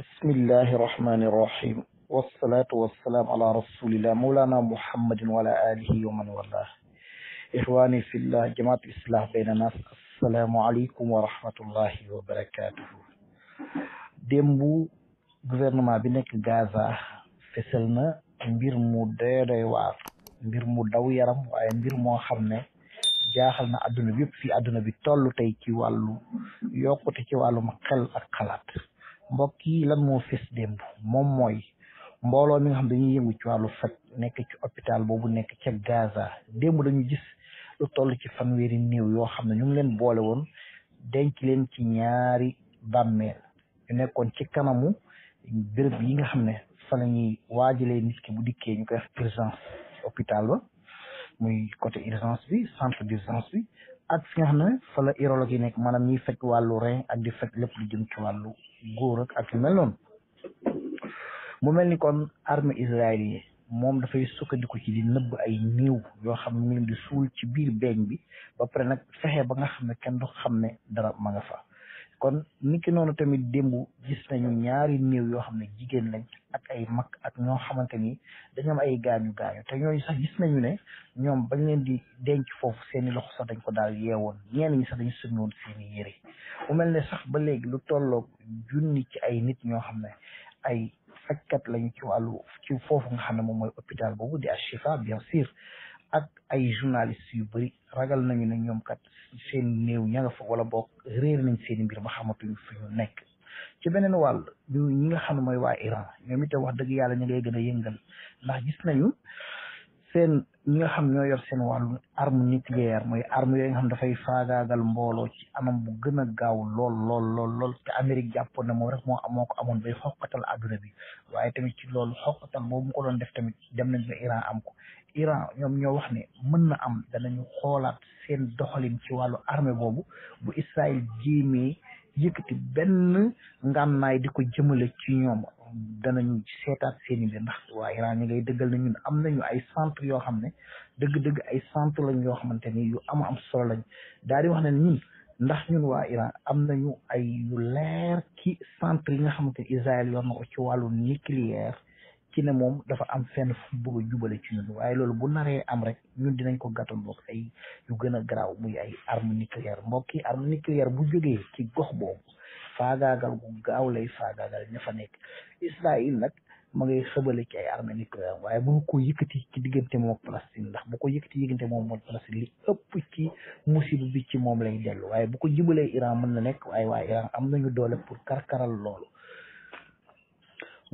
bismillahi irrahmani irrahim wassalatu wassalaam ala rasulillah mawlana muhammadin wala man wallah ixwani fillah jamaatu islah bayna nas assalaamu aleykum wa rahmatullahi wa barakatuhu démbu bi nekk mbir mu mbir mu daw yaram waaye xam ne jaaxal na adduna bi bi toll tey ci ci wàllum mbokk yi lan moo fees démb moom mooy mbooloo mi nga xam ne dañuy yëngu ci wàllu faj nekk ci hôpital boobu nekk ca Gaza démb dañu gis lu toll ci fanweeri néew yoo xam ne ñu ngi leen boole woon denc leen ci ñaari bàmmeel ñu nekkoon ci kanamu béréb yi nga xam ne fa la ñuy waajalee nit ki bu dikkee ñu koy def urgence hôpital ba muy côté urgence bi centre d'urgence bi ak fi nga xam ne fa la yi nekk maanaam ñiy faj wàllu rein ak di faj lépp lu jëm ci wàllu góor ak ak yu mu mel ni kon armée Israël yi moom dafay sukkandiku ci di nëbb ay néew yoo xam ne suul ci biir beeñ bi ba pare nag fexe ba nga xam ne kenn du xam ne dara ma nga kon niki noonu tamit démb gis nañu ñaari néew yoo xam ne jigéen lañ ak ay mag ak ñoo xamante ni dañu ay gaañu gaañu te ñooñu sax gis nañu ne ñoom bañ leen di denc foofu seeni loxo sax dañ ko daal yeewoon ñenn ñi sax dañu sënnoon seeni yére mu mel ne sax ba léegi lu tollook junni ci ay nit ñoo xam ne ay fajkat lañu ci wàllu ci foofu nga xam ne moom mooy hôpital boobu di Al Shifa bien sûr ak ay journalistes yu bëri ragal nañu ne ñoom kat seen néew ña nga fa wala boog réer nañ seen mbir ba xamatuñu fi ñu nekk ci beneen wàll ñi nga xam ne mooy waa Iran ñoom itam wax dëgg yàlla ñu ngay gën a yëngal ndax gis nañu seen ñi nga xam ñoo yor seen wàllu arme nucléaire mooy arme yooyu nga xam dafay faagaagal mbooloo ci anam bu gën a gaaw lool lool lool lool te Amérique jàppoon na moom rek moo moo ko amoon bay xoqatal adduna bi waaye tamit ci loolu xoqatal boobu mu ko doon def tamit dem nañ Iran am ko Iran ñoom ñoo wax ne mën na am danañu xoolaat seen doxalin ci wàllu armee boobu bu Israël jéemee yëkkati benn naay di ko jëmale ci ñoom danañu seetaat seen i mbir waa Iran ñi ngay dëggal na am nañu ay centre yoo xam ne dëgg ay centre lañ yoo xamante ni yu am am solo lañ daal di wax ne ñun ndax ñun waa Iran am nañu ay yu leer ci centre yi nga xamante ni Israël yor na ci wàllu nucléaire ci ne moom dafa am fenn fu bëgg a jubale ci ñun waaye loolu bu naree am rek ñun dinañ ko gàttandoog ay yu gën a garaaw muy ay arme nucléaire mbokk yi arme nucléaire bu jógee ci gox boobu faagaagal gu gaaw lay faagaagal ña fa nekk Israël nag ma ngay xëbale ci ay arme nucléaire waaye bu ko yëkkati ci diggante moom Palestine ndax bu ko yëkkati diggante moom moom Palestine li ëpp ci musiba bi ci moom lay dellu waaye bu ko jubalee Iran mën na nekk waaye waa Iran am ñu doole pour karkaral loolu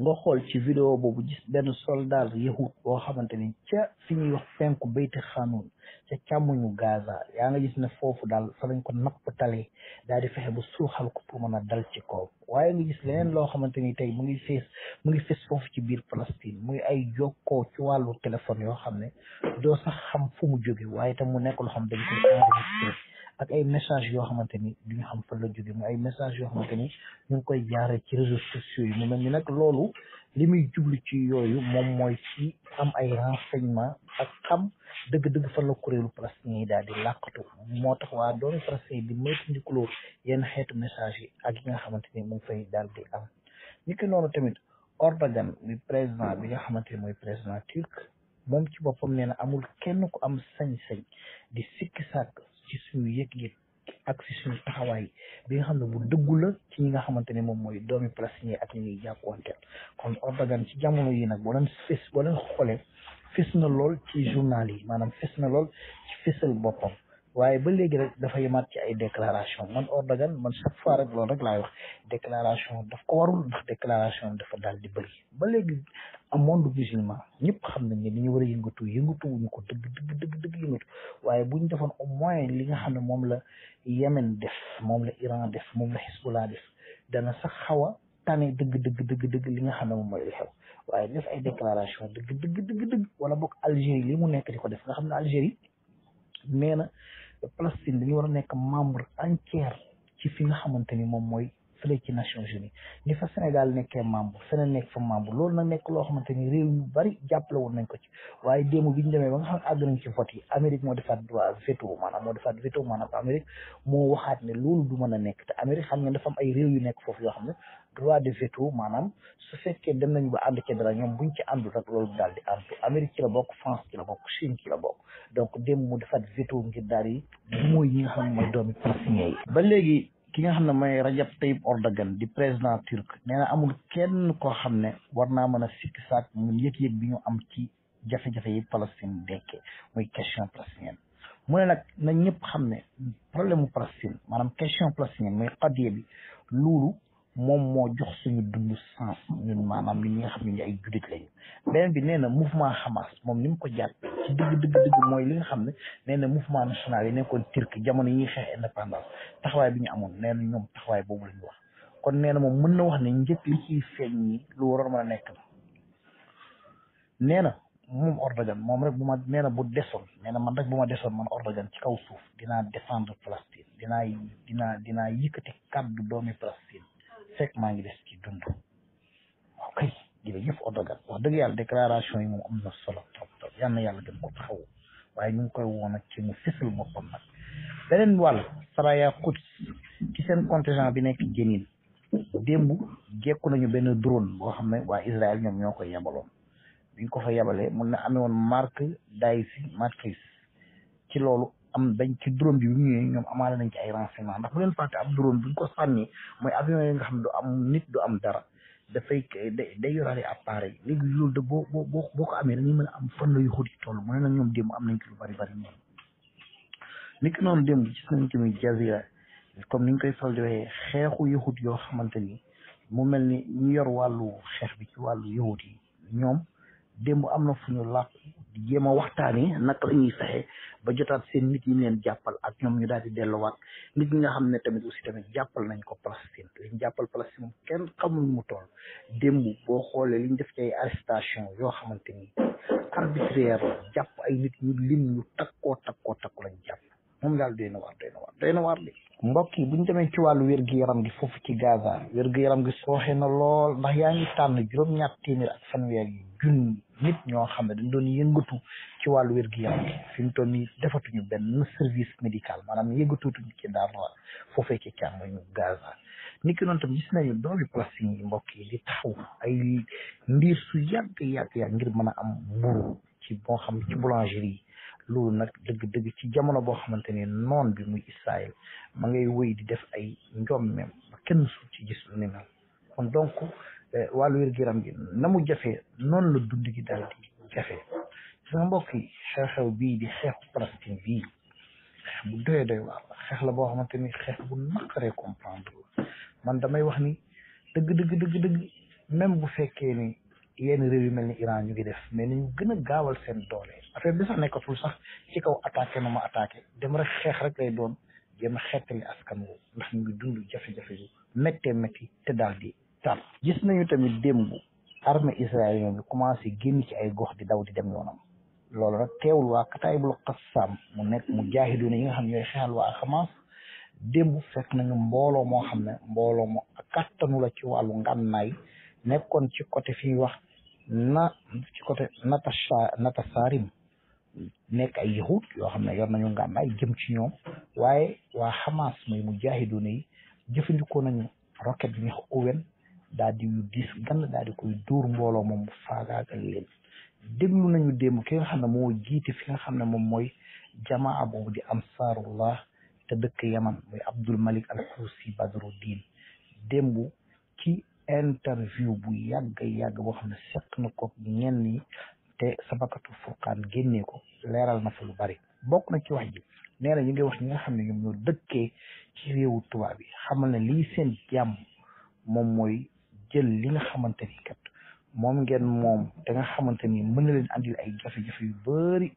nga xool ci vidéo boobu gis benn soldat yahud boo xamante ni ca fi ñuy wax penku bayti xanuun ca càmmuñu Gaza yaa nga gis ne foofu daal fa lañ ko napp tale daa di fexe ba suuxal ko pour mën a dal ci kaw waaye nga gis leneen loo xamante ni tey mu ngi fees mu ngi fees foofu ci biir Palestine muy ay jokkoo ci wàllu téléphone yoo xam ne doo sax xam fu mu jóge waaye tam mu nekk loo xam dañ koy enregistré ak ay message yoo xamante ni duñu xam fan la jóge mu ay message yoo xamante ni ñu ngi koy jaaree ci réseaux sociaux yi mu mel ni nag loolu li muy jublu ci yooyu moom mooy ci am ay renseignement ak xam dëgg-dëgg fan la kuréelu palestinien yi daal di làqatu moo tax waa doomi palestinien yi di moytandikuloo yenn xeetu message yi ak yi nga xamante ni mu ngi fay daal di am niki noonu tamit Erdogan bi président bi nga xamante ni mooy président turc moom ci boppam ne na amul kenn ku am sañ-sañ di sikki sàkk ci suñu yëg ak si suñu taxawaay bi nga xam ne bu dëggu la ci ñi nga xamante ne moom mooy doomi palestinien ak ñi ñuy jàkkuwanteel kon Erdogan ci jamono yi nag boo leen fës boo leen xoolee fës na lool ci journal yi maanaam fës na lool ci fësal boppam waaye ba léegi rek dafa yemaat ci ay déclaration man Erdogan man chaque fois rek loolu rek laay wax déclaration daf ko warul ndax dafa daal di bëri ba léegi a monde musulman ñëpp xam nañ ne li ñu war a yëngatu yëngatu ko dëgg dëgg dëgg yëngatu waaye bu ñu defoon o moins li nga xam ne moom la Yemen def moom la Iran def moom la Hezbollah def dana sax xaw a tane dëgg dëgg dëgg dëgg li nga xam ne moom ma xew waaye def ay déclaration dëgg dëgg dëgg wala boog Algérie li mu nekk di ko def nga xam ne Algérie nee na Palestine dañu war a nekk membre entière ci fi nga xamante ni moom mooy fële ci Nations Unies ni fa Sénégal nekkee membre feneen nekk fa membre loolu na nekk loo xamante ni réew yu bari jàppale woon nañ ko ci waaye démb bi ñu demee ba nga xam ne nañ ci vote yi Amérique moo defaat droit veto maanaam moo defaat veto maanaam Amérique moo waxaat ne loolu du mën a nekk te Amérique xam nga dafa am ay réew yu nekk foofu yoo xam ne droit de veto maanaam su fekkee dem nañu ba ànd ci dara ñoom buñ ci àndul rek loolu daal di ànd Amérique ci la bokk France ci la bokk Chine ci la bokk donc démb mu defaat veto ngir daal yi mooy ñi nga xam mooy doomi ba léegi ki nga xam ne mooy Rajab Tayyip Erdogan di président turc nee na amul kenn koo xam ne war naa mën a sikk saak mun yëg-yëg bi ñu am ci jafe-jafe yi Palestine dekkee muy question palestinienne mu ne nag na ñëpp xam ne problème mu Palestine maanaam question palestinienne muy xadiya bi loolu moom moo jox suñu dund sens ñun maanaam ñi nga xam ne ñu ay jullit lañu nee na mouvement Hamas moom ni mu ko jàpp ci dëgg dëgg dëgg mooy li nga xam ne nee na mouvement national yi nekkoon Turquie jamono yi ñuy xeex indépendance bi ñu amoon nee na ñoom wax kon nee na moom mën na wax ne njëkk li ciy feeñ lu waroon mën nekk la nee na moom Erdogan moom rek bu ma nee na bu desoon nee na man rek bu ma desoon man Erdogan ci kaw suuf dinaa défendre Palestine dinaa dinaa dinaa yëkkati kàddu doomi Palestine fekk maa ngi des ci dund waaw kay jërëjëf Odogar wax dëgg yàlla déclaration yi moom am na solo trop trop yal na yàlla dem ko taxawu waaye ñu ngi koy woon ak ci mu fësal boppam nag beneen wàll Saraya Quds ci seen contingent bi nekk Jenin démb jekku nañu benn drone boo xam ne waa Israël ñoom ñoo koy yabaloon bi ñu ko fa yabalee mun na amee woon marque d'Aïssi marquise ci loolu am dañ ci drone bi bi mu ñëwee ñoom amaale nañ ci ay renseignement ndax bu leen fàtte ab drone buñ ko sànni mooy avion yi nga xam do am nit du am dara dafay day yoraale appareil léegi loolu de boo boo boo ko amee dañuy mën ne am fan la yu xóot yi toll mu ne nag ñoom démb am nañ ci lu bari bari ñoom niki noonu démb gis nañ tamit jazira comme ni ñu koy faral di waxee xeexu yahut yoo xamante ni mu mel ni ñu yor wàllu xeex bi ci wàllu yahut yi ñoom démb am na fu ñu di jéem a waxtaanee naka la ñuy fexe ba jotaat seen nit ñi leen jàppal ak ñoom ñu daal di delluwaat nit ñi nga xam ne tamit aussi tamit jàppal nañ ko Palestine liñ jàppal Palestine moom kenn xamul mu toll démb boo xoolee liñ def ci ay arrestation yoo xamante ni arbitraire jàpp ay nit ñu lim ñu takkoo takkoo takku lañ jàpp moom daal doy na waar doy na waar doy na de mbokk bu ñu demee ci wàllu wér-gu-yaram gi foofu ci Gaza wér-gu-yaram gi sooxe na lool ndax yaa ngi tànn juróom-ñaar téeméer ak fanweer yi junni nit ñoo xam ne dañ doon yëngatu ci wàllu wér-gu-yaram gi fi mu toll nii defatuñu benn service médical maanaam yëngatuutuñu ci daara foofee ci càmmoñu Gaza niki noonu tam gis nañu doomi Palestine yi yi di taxaw ay ndiir su yàgg yàgg yàgg ngir mën a am mburu ci boo xam ci boulangerie yi loolu nag dëgg-dëgg ci jamono boo xamante ne noon bi muy Israël ma ngay wéy di def ay njommeem ba kenn su ci gis lu ni kon donc eh, wàllu wér giram na mu jafee noonu la dund gi daal mbokk yi xew-xew bii di bu doy doy waar la boo xamante ni xeex bu man damay wax ni dëgg dëgg bu fekkee ni yenn réew yu mel ni Iran ñu ngi def mais nañu gën a gaawal seen doole affaire bi sax nekkatul sax ci kaw attaqué na ma attaqué dem rek xeex rek lay doon jéem a xettali askan wu ndax ñu ngi dund jafe-jafe yu méttee métti te daal di tar gis nañu tamit démb armée israélienne bi commencé génn ci ay gox di daw di dem yoonam loolu nag teewul waa Kataibul Qassam mu nekk mu jaahidoona yi nga xam ñooy xeexal waa Hamas démb fekk nañu mbooloo moo xam ne mbooloo moo kattanu la ci wàllu ngànnaay nekkoon ci côté fi wax na ci côté Natacha nekk ay yahud yoo xam ne yor nañu ngànnaay jëm ci ñoom waaye waa Hamas muy mujaahidoon yi jëfandikoo nañu roquette bi ñu wax Owen di yu diis gan daal koy dóor mbooloo moom faagaagal leen déglu nañu démb ki nga xam ne moo jiite fi nga xam ne moom mooy jamaa boobu di ansaarullah te dëkk yaman mooy Abdul Malik al Xuusi Badruddin démb ci interview bu yàgg yàgg boo xam ne seq na ko ñenn ñi te sabakatu furqaan génnee ko leeral na fa lu bari bokk na ci wax ji nee na ñu ngi wax ñi nga xam ne ñoom ñoo dëkkee réewu tubaab yi xamal ne lii seen jàmm moom mooy jël li nga xamante ni moom ngeen moom te nga xamante ni mën na leen andil ay jafe-jafe yu bari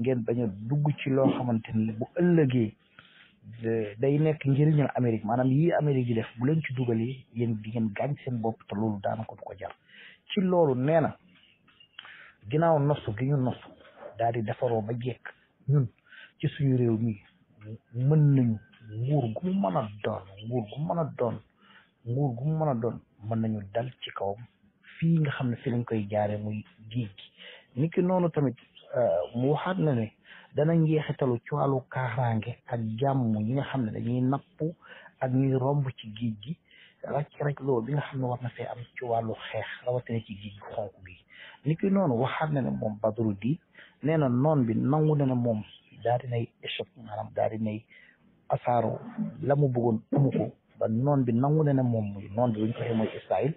ngeen bañ a dugg ci loo xamante ni bu ëllëgee day nekk njëriñal Amérique maanaam yii Amérique yi def bu leen ci dugalee yéen di ngeen gaañ seen bopp te loolu daanaka du ko jar ci loolu nee na ginnaaw nosu gi ñu nosu daal di defaroo ba jekk ñun ci suñu réew mi mën nañu nguur gu mu a doon nguur gu mën a doon nguur gu mu mën a doon mën nañu dal ci kawam fii nga xam ne fi lañ koy jaare muy géej gi niki noonu tamit euh, mu waxaat na ne dana njeexitalu ci wàllu kaaraange ak jàmm ñi nga xam ne dañuy nappu ak ñuy romb ci géej gi ràcc-ràcloo bi nga xam ne war na fee am ci wàllu xeex rawatina ci géej gi xonk gi ni ki noonu waxaat na ne moom Badru di nee na noon bi nangu na ne moom daal dinay échec maanaam daal la mu bëggoon amu noon bi nangu na ne moom muy noon bi bu ñu ko waxee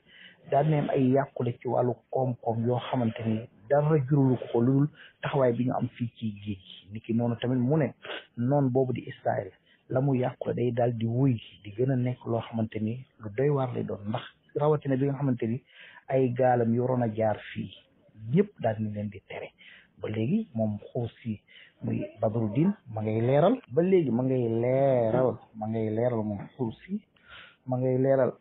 daal dina ay yàqule ci wàllu koom-koom yoo xamante ni dara jurulu lu ko taxawaay bi ñu am fi ci géej gi ki noonu tamit mu ne noon boobu di Israël la mu yàqu day daal di wuy di gën a nekk loo xamante ni lu doy waar lay doon ndax rawatina bi nga xamante ni ay gaalam yoroon a jaar fii ñëpp daal leen di ba léegi moom xuus si muy Badruddin ma ngay leeral ba léegi ma ngay leeral ma ngay leeral moom si ma ngay leeral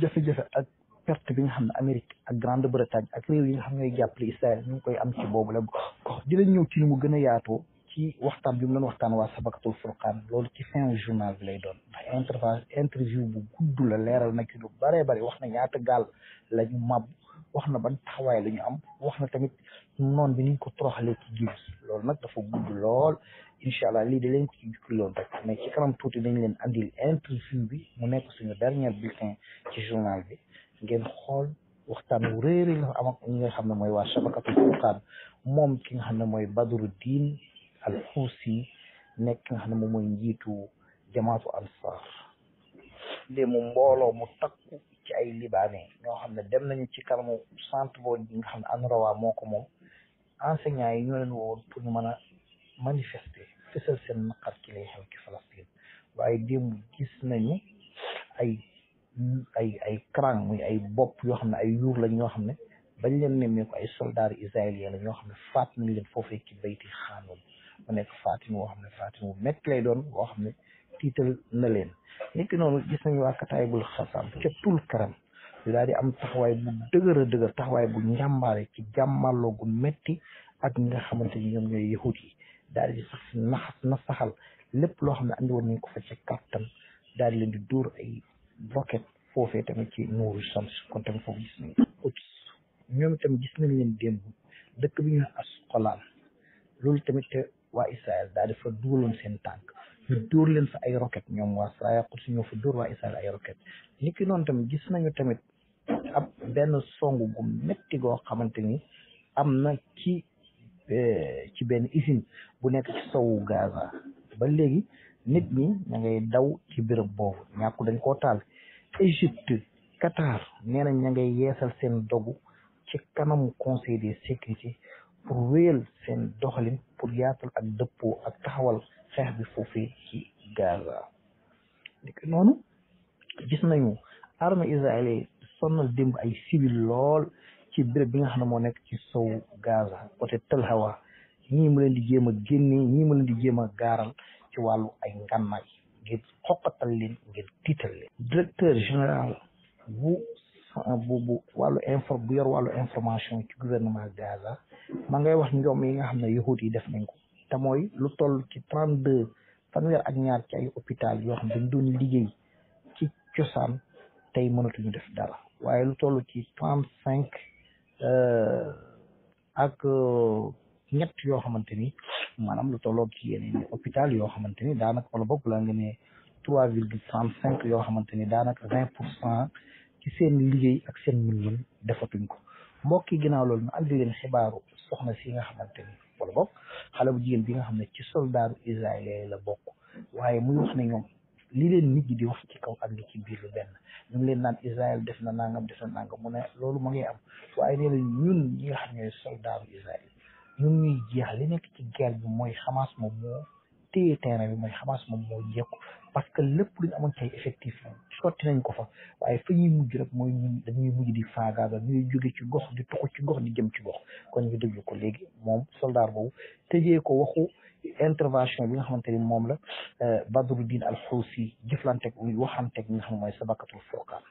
jafe-jafe ak perte bi nga xam ne Amérique ak Grande-Bretagne ak réew yi nga xam ne jàpp jàppale Israël ñu ngi koy am ci boobu ñëw ci ni mu gën a yaatoo ci waxtaan bi mu doon waxtaan waa Sabakatul Furqaan loolu ci fin journal bi lay doon ndax interview interview bu gudd la leeral na ci lu bëree bëri wax na ñaata gaal la ñu wax na ban taxawaay lañu am wax na tamit noon bi niñ ko toroxalee ci géej loolu nag dafa gudd lool incha allah lii da leen ko ci jukkiloon rek mais ci kanam leen andil bi mu nekk suñu dernier bulletin ci journal ngeen xool waxtaan wu réeri la am ak ñi nga xam ne mooy waa Sabakatul Furqaan moom ki nga xam ne mooy Badru Diin alxuusi nekk nga xam ne moom mooy njiitu jamaatu ansar de mu mbooloo mu takku ci ay libaane ñoo xam ne dem nañu ci kanamu centre boobu bi xam ne ANRAWA moo ko moom enseignants yi ñoo leen wowoon pour ñu mën a manifester fësal seen naqar ci lay xew ci Palestine waaye démb gis nañu ay ay ay ay bopp yoo xam ne ay yuur lañ ñoo xam ne bañ leen nemmee ay soldats israéliens la ñoo xam ne faat nañ leen foofee ci bayti mu nekk faatin woo xam ne faatin wu métti lay doon woo xam ne tiital na leen nekk noonu gis nañ waa Kataayibul Xasaam ca tul karam yu daal di am taxawaay bu dëgër a dëgër taxawaay bu njàmbaare ci jàmmaloo gu metti ak ñi nga xamante ni ñoom ñooy yahut yi daal di sax si na saxal lépp loo xam ne andi ñu ko fa ca kàttan tam di leen di dóor ay roquette foofee tamit ci nuuru shams kon tamit foofu gis nañ ñoom itam gis nañ leen démb dëkk bi ñu asqolaan loolu tamit waa Israël daal di fa duuloon seen tànk ñu dóor leen fa ay roquette ñoom waa Saaya Quds ñoo fa dóor waa Israël ay roquette ki noonu tamit gis nañu tamit ab benn songu gu métti goo xamante ni am na ci eh, ci benn usine bu nekk sowu Gaza ba léegi nit ñi ña ngay daw ci béréb boobu ñàkku dañ koo taal Égypte Qatar nee na ña yeesal seen dogu ci kanamu conseil de sécurité pour wéyal seen doxalin pour yaatal ak dëppoo ak taxawal xeex bi foofee ci Gaza nekk noonu gis nañu armée israélien sonnal démb ay civil lool ci béréb bi nga xam ne moo nekk ci sow Gaza côté Tel Hawa ñii mu leen di jéem a génne ñii mu leen di jéem a gaaral ci wàllu ay ngànnaay ngir xoqatal leen ngir directeur général bu bu bu wàllu yor wàllu information ci gouvernement Gaza ma ngay wax njoom yi nga xam ne yahut yi def nañ ko te mooy lu toll ci trente deux fanweer ak ñaar ci ay hôpital yoo xam ne dañ doon liggéey ci cosaan tey mënatuñu def dara waaye lu toll ci trente cinq euh, ak euh, ñett yoo xamante ni maanaam lu tolloog ci yeneen hôpital yoo xamante ni daanaka wala bopp la nga ne trois virgule trente cinq yoo xamante ni daanaka vingt pour cent ci seen liggéey ak seen mën-mën defatuñ ko mbokk yi ginnaaw loolu na andi leen xibaaru soxna si nga xamante ni wala bokk xale bu jigéen bi nga xam ne ci soldaaru israélien la bokk waaye muy wax ne ñoom li leen nit ñi di wax ci kaw ak li ci biir lu benn ñu ngi leen naan Israël def na nangam def na nangam mu ne loolu ma ngi am waaye nee na ñun ñi nga xam ne soldaaru Israël ñun ñuy jeex li nekk ci guerre bi mooy Hamas moom moo téye terrain bi mooy Hamas moom moo jekku parce que lépp lu amoon ci ay effectif sotti nañ ko fa waaye fa ñuy mujj rek mooy dañuy mujj di faagaagal ñuy jóge ci gox di toxu ci gox di jëm ci gox kon ñu déglu ko léegi moom soldaar boobu ko waxu intervention bi nga xamante ni moom la euh, Badruddin al-Housi jëflanteeg waxanteeg ñi nga xam mooy sabakatul furqaan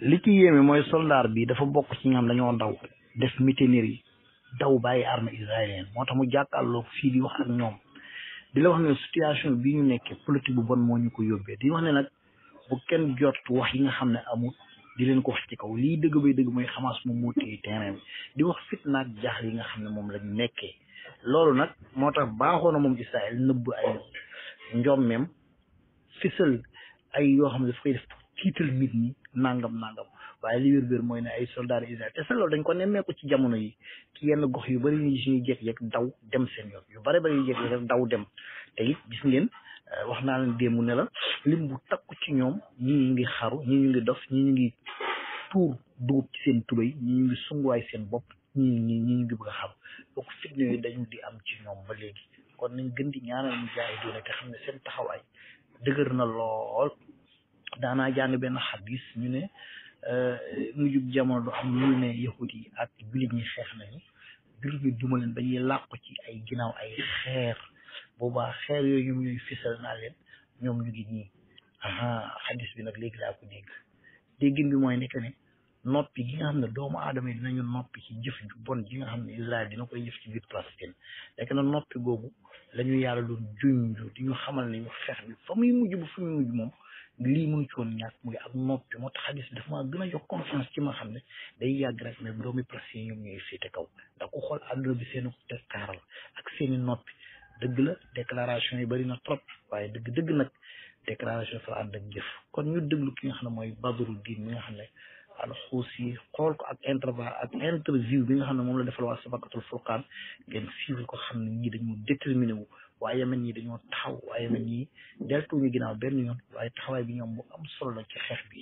li ci yéeme mooy soldaar bi dafa bokk ci ñam dañoo daw def mutinerie yi daw bàyyi armée israélienne moo tax mu jàkkaarloo fii di wax ak ñoom di la wax ne situation bi ñu nekkee politique bu bon moo ñu ko yóbbee di wax ne nag bu kenn jot wax yi nga xam ne amul di leen ko wax ci kaw lii dëgg bay dëgg mooy Hamas moom moo téye terrain di wax fitna ak jaaxle yi nga xam ne moom lañ nekkee loolu nag moo tax baaxoon na moom ci Israël nëbb ay njommeem fisal ay yoo xam ne daf koy def tiital nangam nangam waaye li wér mooy ne ay soldats israéliens te sax loolu dañ ko nemmeeku ci jamono yi ci yenn gox yu bari bëri yu ñuy jékki-jékki daw dem seen yoon yu bari bëri yu jékki daw dem te it gis ngeen euh, wax naa leen démb ne la lim bu takku ci ñoom ñi ñu ngi xaru ñi ñu ngi dof ñi ñu ngi tuur dugub ci seen tubéy ñi ñu ngi sunguwaay seen bopp ñi ñi ñu ngi bëgg a xam donc fitna yooyu dañu di am ci ñoom ba léegi kon nañ gën di ñaanal ñu jaay doole te xam ne seen taxawaay dëgër na lool daanaa jàng benn xadis ñu ne Euh, mujjub jamono du am lu ne yahut yi ak jullit ñi xeex nañu jullit ñi duma leen dañuy làqu ci ay ginnaaw ay xeer boobaa xeer yooyu ñoom ñooy fisal naa leen ñoom ñu ngi nii aha xadis bi nag léegi laa bi mooy nekk ne noppi gi nga xam ne doomu aadama yi dinañu noppi ci jëf ju bon ji nga xam ne Israël dina koy jëf ci biir Palestine nekk na noppi googu la yàlla doon junj di ñu xamal ne ñu xeex bi fa muy mujj fa muy mujj moom lii mënu ci ñaat mu ngi ak noppi moo tax a gis dafa maa gën a jox confiance ci ma xam ne day yàgg rek mais doomi presse yi ñoom fii te kaw ndax ku xool àdduna bi seen tekkaaral ak seen i noppi dëgg la déclaration yi bëri na trop waaye dëgg dëgg nag déclaration dafa ànd ak jëf kon ñu déglu ki nga xam ne mooy Badru Diin mi nga xam ne alxuusi xool ko ak interview ak interview bi nga xam ne moom la defal waa sabakatul furqaan ngeen suivre ko xam ne ñii dañu déterminé wu waaye yemen ñi dañoo taxaw waaye yemen ñi deltuñu ginnaaw benn yoon waaye taxawaay bi ñoom bu am solo la ci xeex bi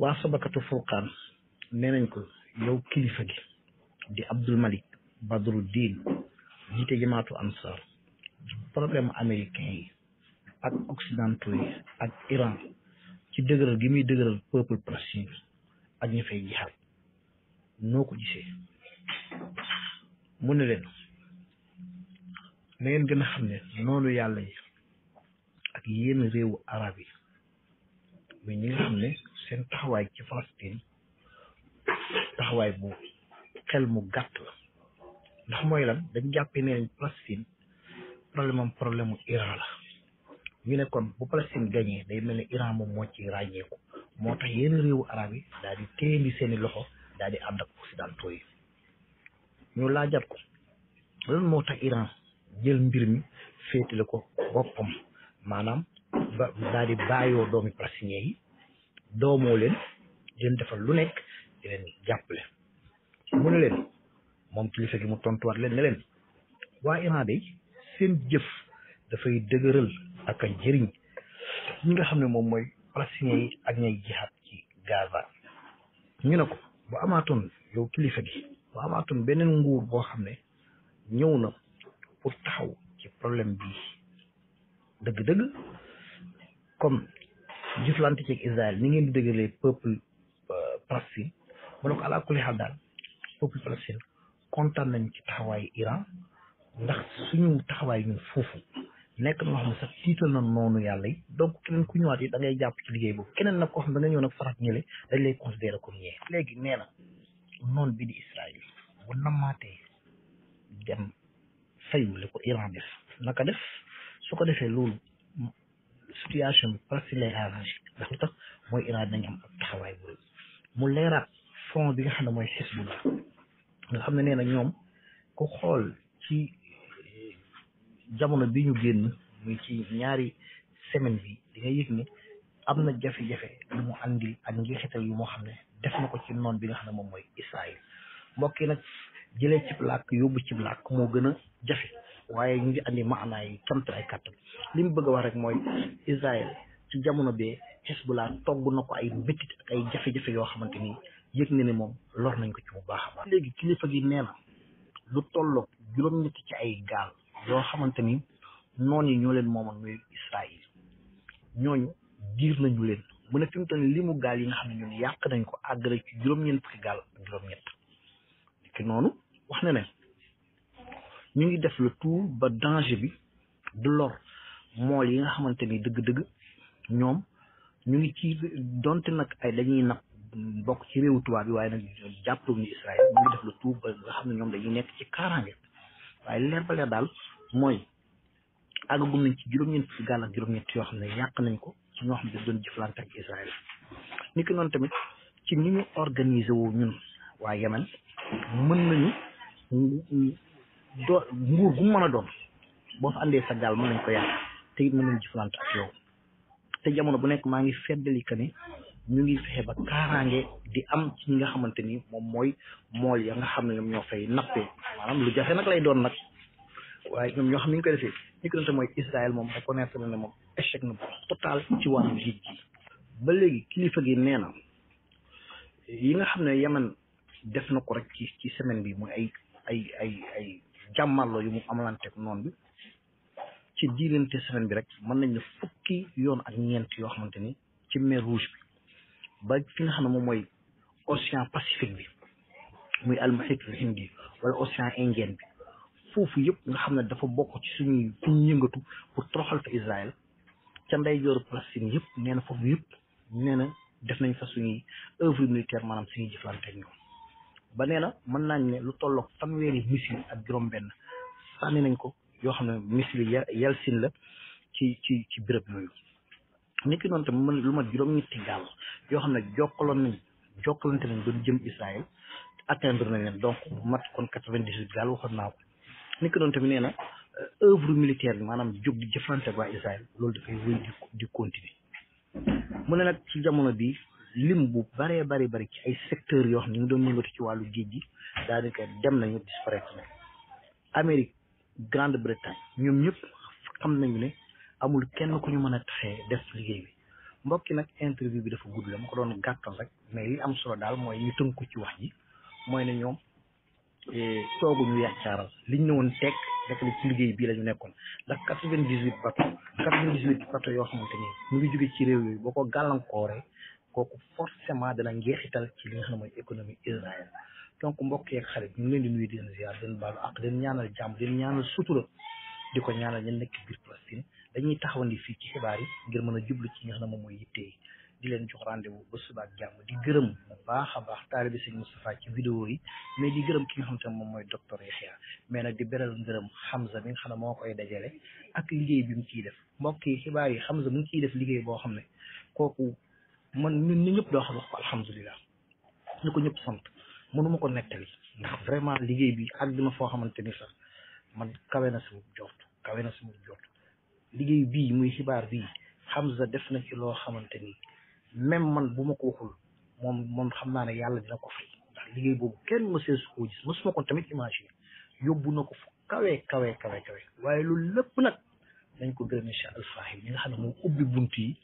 waa sabakatu furqaan nee nañ ko yow kilifa gi di Abdul Malik Badruddin jiite jamaatu ansar problème américain yi ak occidentaux yi ak Iran ci dëgëral gi muy dëgëral peuple palestinien ak ñi fay jihaad noo ko gisee mu ne leen na gën a xam ne noonu yàlla yi ak yenn réewu arab yi mais ñi nga xam ne seen taxawaay ci Palestine taxawaay bu xel mu gàtt la ndax mooy lan dañ jàppee ne Palestine problème am problème mu Iran la ñu ne kon bu Palestine gañee day mel ne Iran moom moo ci ràññeeku moo tax yenn réewu arab yi daal di téyendi seeni loxo daal di ànd ak occidentaux yi ñu laajat ko lan moo tax Iran jël mbir mi féetale ko boppam maanaam ba daal di doomi palestinien doomoo leen di leen defal lu nekk di leen mu ne leen moom kilifa gi mu tontuwaat leen ne leen waa Iran day seen jëf dafay dëgëral ak a jëriñ ñi nga xam ne moom mooy palestinien yi ak ñay jihaat ci Gaza ñu ne ko bu amaatoon yow kilifa gi bu amaatoon beneen nguur boo xam ne ñëw na pour taxaw ci problème bi dëgg-dëgg comme jëflante ci Israël ni ngeen di dëggalee peuple euh, palestine mu ne ko alaa kulli xaal daal peuple nañ ci taxawaayu Iran ndax ñu taxawaay ñun foofu nekk na loo xam ne sax tiital na noonu yàlla yi donc keneen ku ñëwaat yi da jàpp ci liggéey boobu keneen nag koo xam na nga ñëw nag farat ñële dañ lay considéré comme ñee léegi nee na noonu bi di Israël bu namaatee dem fayu li ko Iran def naka def su ko defee loolu situation bi presque lay arrangé ndax mooy Iran dinañ am mu leeraat fond bi nga xam ne mooy Hezbollah nga xam ne nee ñoom ku xool ci eh, jamono bi ñu génn mu muy ci ñaari semaine bi di nga yëg ne am na jafe-jafe lu mu andil ak njeexital yu moo xam ne def na ko ci noon bi nga xam ne moom mooy Israël mbokk yi nag jëlee cib làkk yóbbu cib làkk moo gën a jafe waaye ñu ngi andi maanaa yi camt ay kàttan li mu bëgg a wax rek mooy Israël ci jamono bee Hezbollah togg na ko ay mbétit ay jafe-jafe yoo xamante ni yëg na ne moom loor nañ ko ci bu baax a baax léegi kilifa gi nee na lu tolloog juróom-ñetti ci ay gaal yoo xamante ni noon yi ñoo leen moomoon muy Israël ñooñu giir nañu leen mu a fi mu toll li mu gaal yi nga xam ne ñun yàq nañ ko àgg na ci juróom-ñeent fukki gaal ak ki noonu wax na ne ñu ngi def le tout ba danger bi du lor mool yi nga xamante ni dëgg-dëgg ñoom ñu ngi ci donte nag ay dañuy nag bokk ci réewu tubaab bi waaye nag jàppul ni Israël ñu ngi def le tout ba nga xam ne ñoom dañuy nekk ci kaaraange waaye leer ba leer daal mooy àggagum nañ ci juróom-ñeent ci gaal ak juróom-ñeent yoo xam ne yàq nañ ko ci ñoo xam ne doon jëflante ak Israël niki noonu tamit ci ni ñu organiser ñun waaye Yemen mën nañu do nguur gu mën a doon boo fa andee sa gaal mën nañ ko yàq te it mën nañ jëflante jamono bu nekk maa ngi feddali que ni ñu ngi fexe ba kaaraange di am ci nga xamante ni moom mooy mool ya nga xam ne ñoom ñoo fay nappee maanaam lu jafe nag lay doon nag waaye ñoom ñoo xam ni ñu koy defee ñu ko doon mooy Israël moom reconnaître na ne moom échec na total ci wàllu géej gi ba léegi kilifa gi nee na yi nga xam ne Yemen def na ko rek ci ci semaine bi mooy ay ay ay ay jàmmarloo yu mu amalanteeg noonu bi ci diirante semaine bi rek mën nañ ne fukki yoon ak ñeent yoo xamante ni ci mer rouge bi ba fi nga xam ne moom mooy océan pacifique bi muy almuhitul hindi wala océan indien bi foofu yëpp nga xam ne dafa bokk ci suñuy fi ñu pour toroxal fa Israël ca ndey jooru Palestine yëpp nee na foofu yëpp nee na def nañ fa suñuy œuvre militaire maanaam suñuy jëflanteeg ñoom ba nee na mën naa ne lu tollook fanweeri missile ak juróom-benn sànni nañ ko yoo xam ne missile ya yelsin la ci ci ci béréb yooyu nit ki noonu tamit lu mat juróom-ñetti gaal yoo xam ne jokkaloon nañ jokkalante nañ doon jëm Israël atteindre nañ leen donc mat kon quatre-vingt-dix-huit gaal waxoon naa ko nit ki tamit nee na euh, œuvre militaire maanaam jóg di jëflante ak waa Israël loolu dafay wéy di di continuer mu ne nag ci jamono bi lim bu baree bari bari ci ay secteurs yoo xam ne ñu doon yëngatu ci wàllu géej gi daanaka dem nañu disparaître na Amérique Grande-Bretagne ñoom ñëpp xam nañu ne amul kenn ku ñu mën a taxe def liggéey bi mbokki nag interview bi dafa gudd la mu ko doon gàttal rek mais li am solo daal mooy ñu tënku ci wax ji mooy ne ñoom eh, tooguñu yàccaaral liñ ne woon tekk rek li ci liggéey bii la ñu nekkoon ndax quatre-vingt-dix-huit bateau quatre-vingt-dix-huit bateau yoo xamante ni mu ngi jóge ci réew yooyu boo ko kooku forcément dana njeexital ci li nga xam ne mooy économie Israël donc mbokk yeeg xarit ñu ngi leen di nuyu di leen ziar di leen baalu ak di leen ñaanal jàmm di ñaanal sutura di ko ñaanal ñen nekk biir Palestine dañuy taxawandi fii ci xibaar yi ngir mën a jublu ci nga xam ne moom mooy yitte yi di leen jox rendez-vous ba suba ak jàmm di gërëm bu baax a baax taalibe sëñ Moustapha ci vidéo yi mais di gërëm ki nga xam te moom mooy docteur Yaxya mais nag di beral ngërëm Hamza mi nga xam ne moo koy dajale ak liggéey bi mu ciy def mbokk yi xibaar yi Hamza mu ngi ciy def liggéey boo xam ne man ñun ñi ñëpp doo xam wax ko alhamdulilah ko ñëpp sant mënuma ko nettali ndax vraiment liggéey bi ak dina foo xamante ni sax man kawe na sama jort kawe na sama jort liggéey bii muy xibaar bi xam Hamza def na ci loo xamante ni même man bu ma ko waxul moom moom xam naa ne yàlla dina ko fay ndax liggéey boobu kenn ma seesu koo gis mosuma ko tamit imaginer yóbbu na ko fu kawe kawe kawe kawe waaye loolu lépp nag dañ ko gërëm Cheikh Al Fahim nga xam ne moom ubbi bunt yi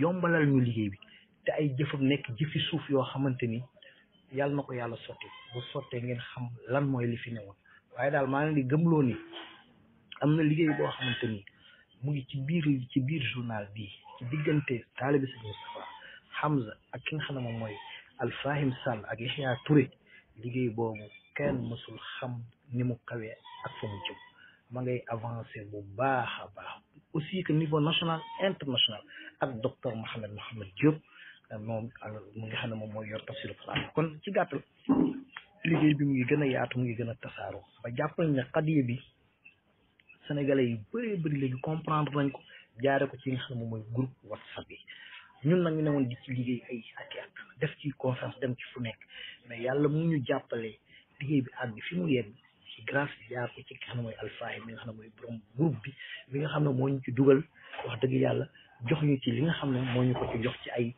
yombalal ñu liggéey bi te ay jëfam nekk jëfi suuf yoo xamante ni yàlla na ko yàlla sotti bu ngeen xam lan mooy li fi newoon waaye daal maa ngi leen di gëmloo ni am na liggéey boo xamante ni mu ngi ci biir ci biir journal bi ci diggante taalibi sëñ Moustapha Hamza ak ki nga xam ne moom mooy Alfahim Sall ak Yahya Touré liggéey boo kenn mësul xam ni mu kawee ak fa mu jëm ma ngay avancé bu baax a baax aussi que niveau national international ak docteur Mohamed Mohamed Diop moom mu nga xam ne moom mooy yor tafsiru Falaaq kon ci gàttal liggéey bi mu ngi gën a yaatu mu ngi gën a tasaaroo ba jàpp nañ ne bi sénégalais yu bëree bëri léegi comprendre nañ ko jaare ko ci nga xam ne moom mooy groupe whatsapp yi ñun nag ñu ne woon di liggéey ay ak at def ci conférence dem ci fu nekk mais yàlla mu ñu jàppale liggéey bi àgg fi mu yegg ci grâce ci nga xam ne mooy Alfahim mi nga xam mooy borom groupe bi bi nga xam ne moo ñu ci dugal wax dëgg yàlla jox ñu ci li nga xam ne moo ñu ko ci jox ci ay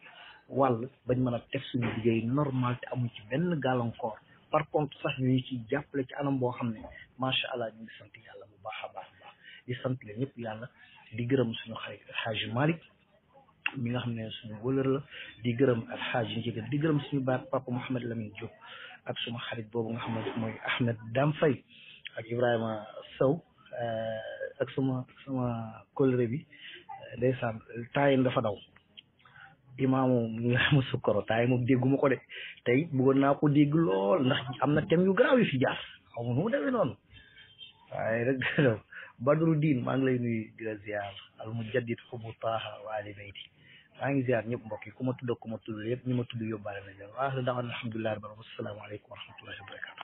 wàll bañ mën a teg suñu liggéey normal te amuñ ci benn gàllankoor par contre sax ñu ci jàppale ci anam boo xam ne macha allah ñu ngi sant yàlla bu baax a baax a baax di sant leen ñëpp yàlla di gërëm suñu xarit Alxaaji Malick mi nga xam ne suñu wëlër la di gërëm ak Alxaaji Njiga di gërëm suñu baat papa Mouhamed Lamine Diop ak suma xarit boobu nga xam ne mooy Ahmed Dam Faye ak Ibrahima Sow euh, ak suma sama kóllëre bi ndeysaan temps dafa daw imaamu imaamu sukkoro taay moom dégguma ko de tey bëggoon naa ko dégg lool am na thème yu garaaw yu fi jaar xaw ma nu mu demee noonu waaye rek dëgg Badru Diin maa ngi lay nuyu di la ziar al mujaddid xubu taaha wa ali bayti maa ngi ziar ñëpp mbokk yi ku ma tudd ak ku ma tudd yëpp ñi ma tudd yóbbaale na leen waaw daawaan alhamdulilah rabbil alamin assalaamu